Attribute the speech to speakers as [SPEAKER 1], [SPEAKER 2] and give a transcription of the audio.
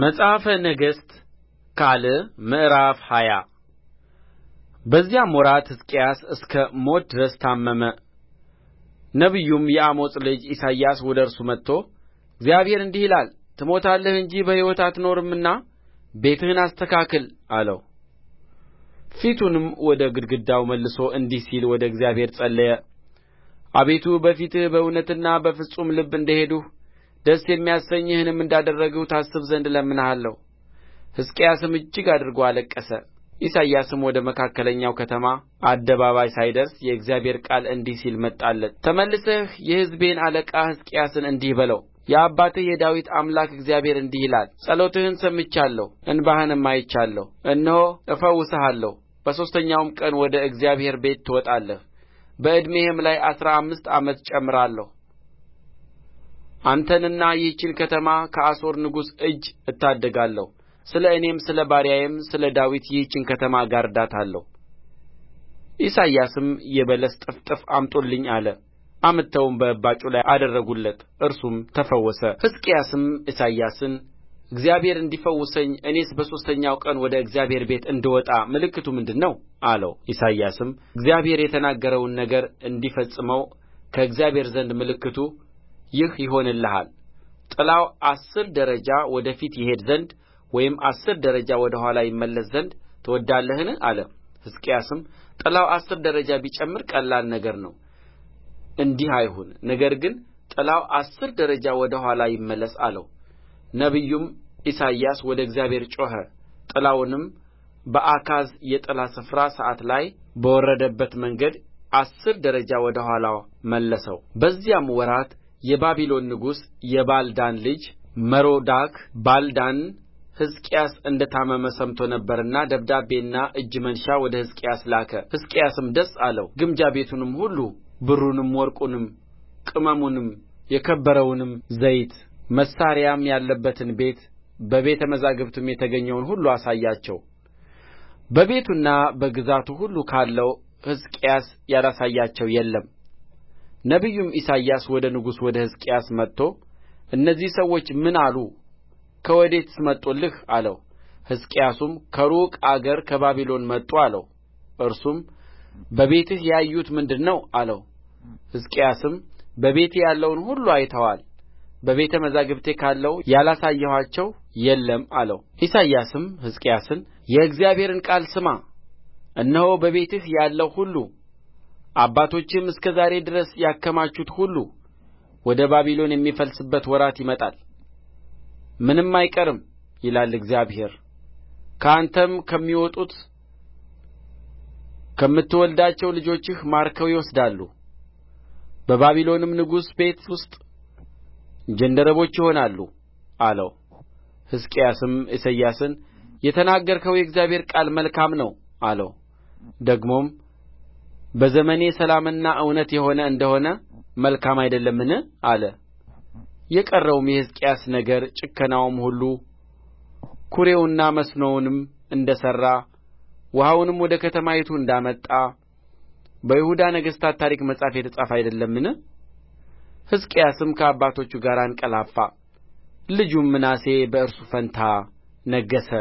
[SPEAKER 1] መጽሐፈ ነገሥት ካልዕ ምዕራፍ ሃያ በዚያም ወራት ሕዝቅያስ እስከ ሞት ድረስ ታመመ። ነቢዩም የአሞጽ ልጅ ኢሳይያስ ወደ እርሱ መጥቶ እግዚአብሔር እንዲህ ይላል ትሞታለህ እንጂ በሕይወት አትኖርምና ቤትህን አስተካክል አለው። ፊቱንም ወደ ግድግዳው መልሶ እንዲህ ሲል ወደ እግዚአብሔር ጸለየ። አቤቱ በፊትህ በእውነትና በፍጹም ልብ እንደ ሄድሁ ደስ የሚያሰኝህንም እንዳደረግሁ ታስብ ዘንድ እለምንሃለሁ ሕዝቅያስም እጅግ አድርጎ አለቀሰ ኢሳይያስም ወደ መካከለኛው ከተማ አደባባይ ሳይደርስ የእግዚአብሔር ቃል እንዲህ ሲል መጣለት ተመልሰህ የሕዝቤን አለቃ ሕዝቅያስን እንዲህ በለው የአባትህ የዳዊት አምላክ እግዚአብሔር እንዲህ ይላል ጸሎትህን ሰምቻለሁ እንባህንም አይቻለሁ እነሆ እፈውስሃለሁ በሦስተኛውም ቀን ወደ እግዚአብሔር ቤት ትወጣለህ በዕድሜህም ላይ አሥራ አምስት ዓመት እጨምራለሁ አንተንና ይህችን ከተማ ከአሦር ንጉሥ እጅ እታደጋለሁ ስለ እኔም ስለ ባሪያዬም ስለ ዳዊት ይህችን ከተማ እጋርዳታለሁ ኢሳይያስም የበለስ ጥፍጥፍ አምጡልኝ አለ አምጥተውም በእባጩ ላይ አደረጉለት እርሱም ተፈወሰ ሕዝቅያስም ኢሳይያስን እግዚአብሔር እንዲፈውሰኝ እኔስ በሦስተኛው ቀን ወደ እግዚአብሔር ቤት እንድወጣ ምልክቱ ምንድር ነው አለው ኢሳይያስም እግዚአብሔር የተናገረውን ነገር እንዲፈጽመው ከእግዚአብሔር ዘንድ ምልክቱ ይህ ይሆንልሃል ጥላው አሥር ደረጃ ወደ ፊት ይሄድ ዘንድ ወይም አሥር ደረጃ ወደ ኋላ ይመለስ ዘንድ ትወዳለህን አለ ሕዝቅያስም ጥላው አሥር ደረጃ ቢጨምር ቀላል ነገር ነው እንዲህ አይሁን ነገር ግን ጥላው አሥር ደረጃ ወደ ኋላ ይመለስ አለው ነቢዩም ኢሳይያስ ወደ እግዚአብሔር ጮኸ ጥላውንም በአካዝ የጥላ ስፍራ ሰዓት ላይ በወረደበት መንገድ አሥር ደረጃ ወደ ኋላ መለሰው በዚያም ወራት የባቢሎን ንጉሥ የባልዳን ልጅ መሮዳክ ባልዳን ሕዝቅያስ እንደ ታመመ ሰምቶ ነበርና ደብዳቤና እጅ መንሻ ወደ ሕዝቅያስ ላከ ሕዝቅያስም ደስ አለው ግምጃ ቤቱንም ሁሉ ብሩንም ወርቁንም ቅመሙንም የከበረውንም ዘይት መሣሪያም ያለበትን ቤት በቤተ መዛግብቱም የተገኘውን ሁሉ አሳያቸው በቤቱና በግዛቱ ሁሉ ካለው ሕዝቅያስ ያላሳያቸው የለም ነቢዩም ኢሳይያስ ወደ ንጉሡ ወደ ሕዝቅያስ መጥቶ እነዚህ ሰዎች ምን አሉ ከወዴትስ መጡልህ አለው ሕዝቅያስም ከሩቅ አገር ከባቢሎን መጡ አለው እርሱም በቤትህ ያዩት ምንድር ነው አለው ሕዝቅያስም በቤቴ ያለውን ሁሉ አይተዋል በቤተ መዛግብቴ ካለው ያላሳየኋቸው የለም አለው ኢሳይያስም ሕዝቅያስን የእግዚአብሔርን ቃል ስማ እነሆ በቤትህ ያለው ሁሉ አባቶችህም እስከ ዛሬ ድረስ ያከማቹት ሁሉ ወደ ባቢሎን የሚፈልስበት ወራት ይመጣል ምንም አይቀርም ይላል እግዚአብሔር ከአንተም ከሚወጡት ከምትወልዳቸው ልጆችህ ማርከው ይወስዳሉ በባቢሎንም ንጉሥ ቤት ውስጥ ጃንደረቦች ይሆናሉ አለው ሕዝቅያስም ኢሳይያስን የተናገርኸው የእግዚአብሔር ቃል መልካም ነው አለው ደግሞም በዘመኔ ሰላምና እውነት የሆነ እንደ ሆነ መልካም አይደለምን አለ የቀረውም የሕዝቅያስ ነገር ጭከናውም ሁሉ ኵሬውንና መስኖውንም እንደ ሠራ ውኃውንም ወደ ከተማይቱ እንዳመጣ በይሁዳ ነገሥታት ታሪክ መጽሐፍ የተጻፈ አይደለምን ሕዝቅያስም ከአባቶቹ ጋር አንቀላፋ ልጁም ምናሴ በእርሱ ፋንታ ነገሠ